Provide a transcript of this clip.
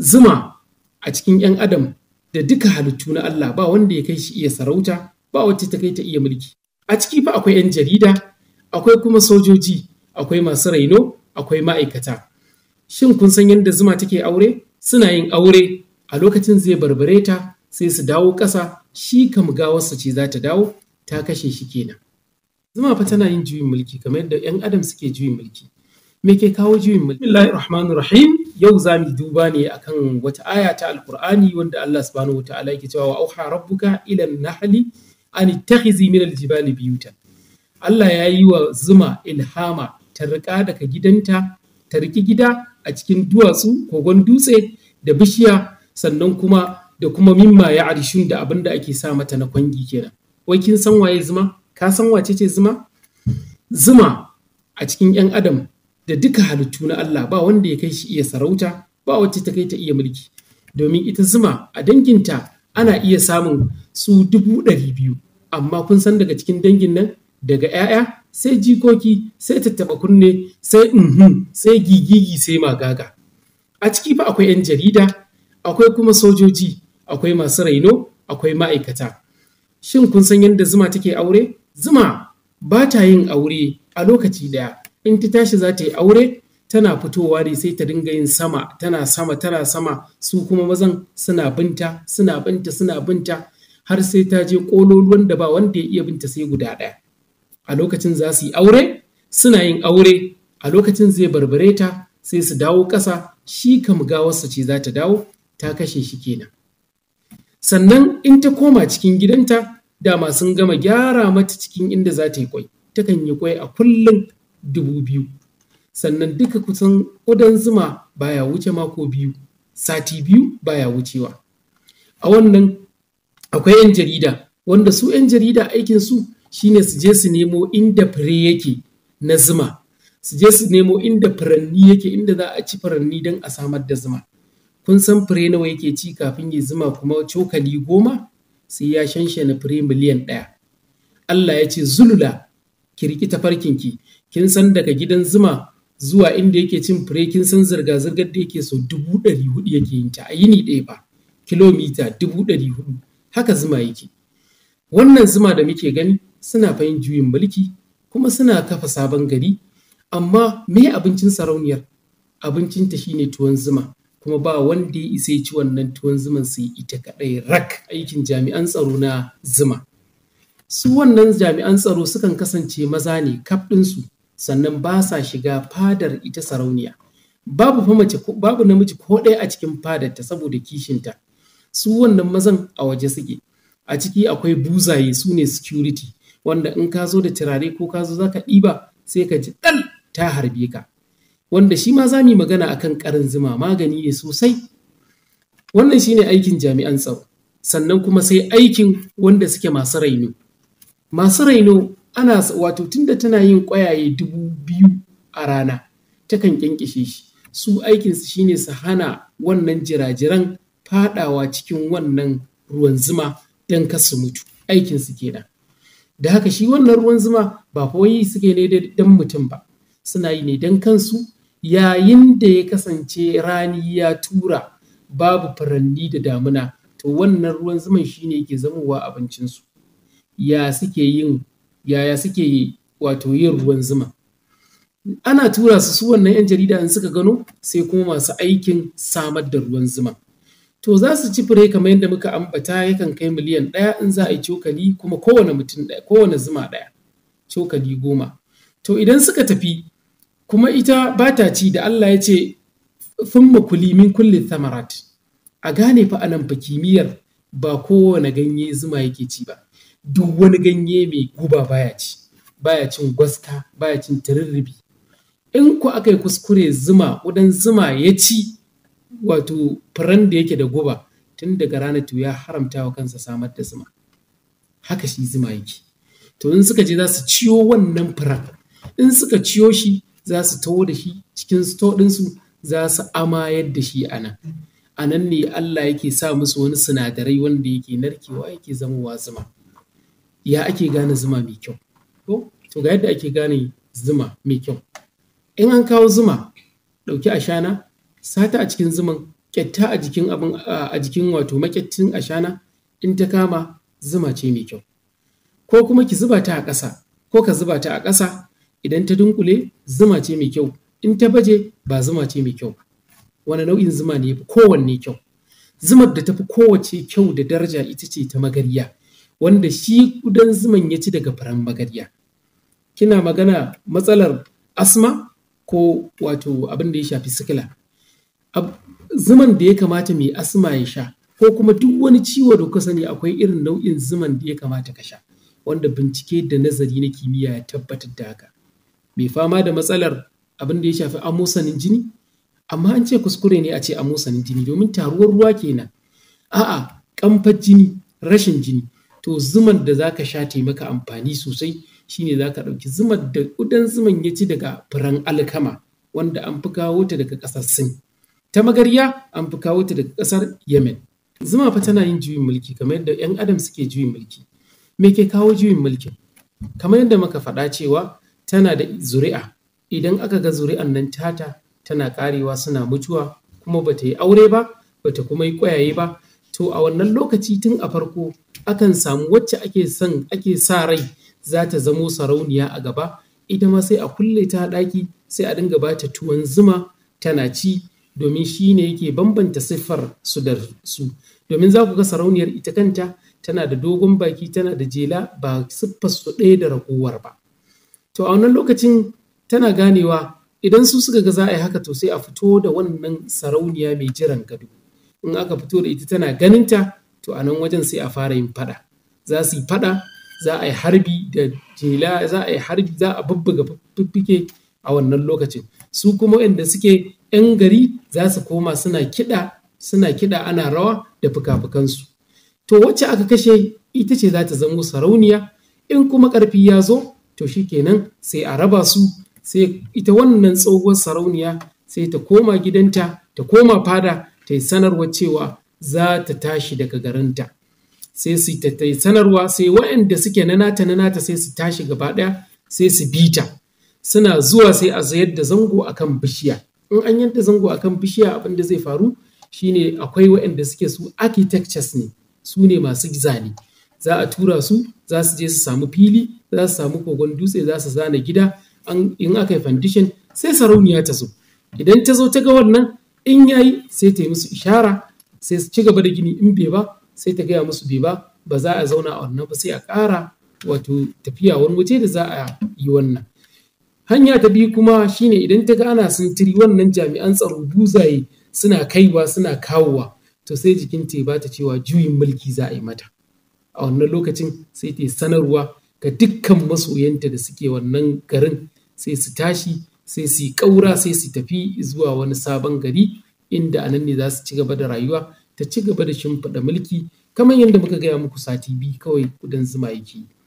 zuma a cikin 'yan adam da duka halittu na Allah ba wanda ya kai shi iya sarauta ba wacce ta kai ta iya mulki a ciki fa akwai 'yan jarida akwai kuma sojoji akwai masu raino akwai ma'aikata shin kun san yadda zuma take aure suna yin aure a lokacin zai barbare ta sai su dawo ƙasa shi kam gawarsa ce za ta dawo ta kashe shi kenan zuma fa tana yin juyin mulki kamar yadda 'yan adam suke juyin mulki me ke kawo juyin mulki Bismillahirrahmanirrahim. yau za mu duba ne akan wata aya ta alkur'ani wanda Allah subhanahu wa ta'ala yake cewa wa auha rabbuka ila nahli an ittakhizi min aljibali biyutan Allah ya yi wa zuma ilhama ta rika daga gidanta ta riki gida a cikin duwatsu kogon dutse da bishiya sannan kuma da kuma mimma ya arishun da abin da ake sa mata na kwangi kenan wai kin san waye zuma ka san wace ce zuma zuma a cikin 'yan adam da duka halittu na Allah ba wanda ya kai shi iya sarauta ba wacce ta kai ta iya mulki domin ita zuma a danginta ana iya samun su dubu ɗari biyu amma kun san daga cikin dangin nan daga 'ya'ya sai jikoki sai tattaɓa kunne sai uhun sai gigigi sai magaga a ciki fa akwai 'yan jarida akwai kuma sojoji akwai masu raino akwai ma'aikata shin kun san yadda zuma take aure zuma ba ta yin aure a lokaci ɗaya in ta tashi za ta yi aure tana fitowa ne sai ta dinga yin sama tana sama tana sama su kuma mazan suna binta suna binta suna binta har sai ta je kololuwan da ba wanda ya iya binta sai guda ɗaya a lokacin za su yi aure suna yin aure a lokacin zai barbare ta sai su dawo ƙasa shi kam gawarsa ce za ta dawo ta kashe shi kenan sannan in ta koma cikin gidanta dama sun gama gyara mata cikin inda za ta yi kwai takan yi kwai a kullum dubu biyu sannan duka kusan ƙudan zuma baya wuce mako biyu sati biyu baya wucewa a wannan akwai 'yan jarida wanda su 'yan jarida aikinsu shine su je su nemo inda fure yake na zuma su je su nemo inda furanni yake inda za a ci furanni don a samar da zuma kun san fure nawa yake ci kafin ya zuma kuma cokali goma sai ya na fure miliyan ɗaya Allah ya ce zulula ki riki tafarkinki kin san daga gidan zuma zuwa inda yake cin fure kin san zirga-zirgar da yake so dubu ɗari hudu yake yin ta a yini ɗaya ba kilomita dubu ɗari hudu haka zuma yake wannan zuma da muke gani suna fahim juyin mulki kuma suna kafa sabon gari amma me abincin sarauniyar abincin ta shine tuwon zuma kuma ba wanda ya isa ci wannan tuwon zuman sai ita kaɗai rak aikin jami'an tsaro na zuma su wannan jami'an tsaro sukan kasance maza ne kaf ɗinsu sannan ba sa shiga fadar ita sarauniya babu mace babu namiji ko ɗaya a cikin fadar ta saboda kishinta su wannan mazan a waje suke a ciki akwai buzaye su ne security wanda in ka zo da turare ko ka zo za ɗiba sai ka ji ɗal ta harbe ka wanda shi ma za mu yi magana akan ƙarin zuma magani ne sosai wannan shine aikin jami'an tsaro sannan kuma sai aikin wanda suke masu raino masu raino ana wato tunda tana yin ƙwayaye dubu biyu a rana takan kyankyashe shi su aikinsu shine su hana wannan jirajiran fadawa cikin wannan ruwan zuma don kasu mutu aikinsu kenan da haka shi wannan ruwan zuma ba kawai suke ne don mutum ba suna yi ne don kansu yayin da ya kasance rani ya tura babu furanni da damuna to wannan ruwan zuman shine ke zamowa abincinsu ya suke yin yaya suke wato yin ruwan zuma ana tura su su wannan 'yan jarida in suka gano sai kuma masu aikin samar da ruwan zuma to za su ci fure kamar yadda muka ambata yakan kai miliyan ɗaya in za a yi cokali kuma kowane mutum ɗaya kowane zuma ɗaya cokali goma to idan suka tafi kuma ita ba ta ci da Allah ya ce fun makuli min kulli thamarat a gane fa anan fa kimiyyar ba kowane ganye zuma yake ci ba duk wani ganye mai guba baya ci baya cin gwaska baya cin tarurrubi in ku aka yi kuskure zuma ƙudan zuma ya ci wato furen da yake da guba tun daga ranar to ya haramta wa kansa samar da zuma haka shi zuma yake to in suka je za su ciyo wannan furen in suka ciyo shi za su taho da shi cikin sto ɗinsu za su amayar da shi a anan ne Allah yake sa musu wani sinadarai wanda yake narkewa yake zamowa zuma ya ake gane zuma mai kyau ko to ga yadda ake gane zuma mai kyau in an kawo zuma ɗauki ashana sata a cikin zuman ƙyatta a jikin abin a jikin wato makyattin ashana in ta kama zuma ce mai kyau ko kuma ki zuba ta a ƙasa ko ka zuba ta a ƙasa idan ta dunkule zuma ce mai kyau in ta baje ba zuma ce mai kyau wani nau'in zuma ne kowanne kyau zumar da tafi kowace kyau da daraja ita ce ta magariya wanda shi kudan zuman ya ci daga faran magarya kina magana matsalar asma ko wato abin da ya shafi sikila zuman da ya kamata mai asma ya sha ko kuma duk wani ciwo da kuka sani akwai irin nau'in zuman da ya kamata ka sha wanda bincike da nazari na kimiyya ya tabbatar da haka mai fama da matsalar abin da ya shafi amosanin jini amma an ce kuskure ne a ce amosanin jini domin taruwar ruwa kenan a'a kamfar jini rashin jini to zuman da za ka sha taimaka maka amfani sosai shine ka ɗauki zuman da ƙudan zuman ya ci daga furen alkama wanda an fi kawo ta daga ƙasar Sin. Ta magarya an fi kawo ta daga ƙasar Yemen. Zuma fa tana yin juyin mulki kamar yadda 'yan Adam suke juyin mulki. Me ke kawo juyin mulkin? Kamar yadda muka faɗa cewa tana da zuri'a. Idan aka ga zuri'an nan tata tana karewa suna mutuwa kuma bata yi aure ba, bata kuma yi ƙwayaye ba. To a wannan lokaci tun a farko akan samu wacce ake son ake sa rai za ta zamo sarauniya a gaba ita ma sai a kulle ta ɗaki sai a dinga bata tuwon zuma tana ci domin shi ne yake bambanta siffar su da su domin za ku ga sarauniyar ita kanta tana da dogon baki tana da jela ba siffar su ɗaya da ragowar ba to a wannan lokacin tana ganewa idan su suka ga za a yi haka to sai a fito da wannan sarauniya mai jiran gado in aka fito da ita tana ganinta to a nan wajen sai a fara yin faɗa za su yi faɗa za a yi harbi da jela za a yi harbi za a bubbuga fiffike a wannan lokacin su kuma inda suke 'yan gari za su koma suna kiɗa suna kiɗa ana rawa da fuka to wacce aka kashe ita ce za ta zamo sarauniya in kuma ƙarfi ya zo to shikenan sai a raba su sai ita wannan tsohuwar sarauniya sai ta koma gidanta ta koma fada ta yi sanarwa cewa za ta tashi daga garinta sai su ta sanarwa sai waɗanda suke na nata na nata sai su tashi gaba ɗaya sai su bi ta suna zuwa sai a zayar da zango akan bishiya in an yanta zango akan bishiya abin da zai faru shine akwai waɗanda suke su architectures ne su ne masu zane za a tura su za su je su samu fili za su samu kogon dutse za su zana gida in aka yi foundation sai sarauniya ta zo idan ta zo ta ga wannan in yayi sai ta yi musu ishara sai su ci gaba da gini in bai ba sai ta gaya musu bai ba ba za a zauna a wannan ba sai a ƙara wato tafiya wani waje da za a yi wannan hanya ta biyu kuma shine idan ta ga ana sintiri wannan jami'an tsaro buzaye suna kaiwa suna kawowa to sai jikin ta ba ta cewa juyin mulki za a yi mata a wannan lokacin sai ta sanarwa ga dukkan masoyanta da suke wannan garin sai su tashi sai su yi ƙaura sai su tafi zuwa wani sabon gari inda a nan ne za su ci gaba da rayuwa ta ci gaba da shimfiɗa mulki kamar yadda muka gaya muku sati biyu kawai kudin zuma yake yi.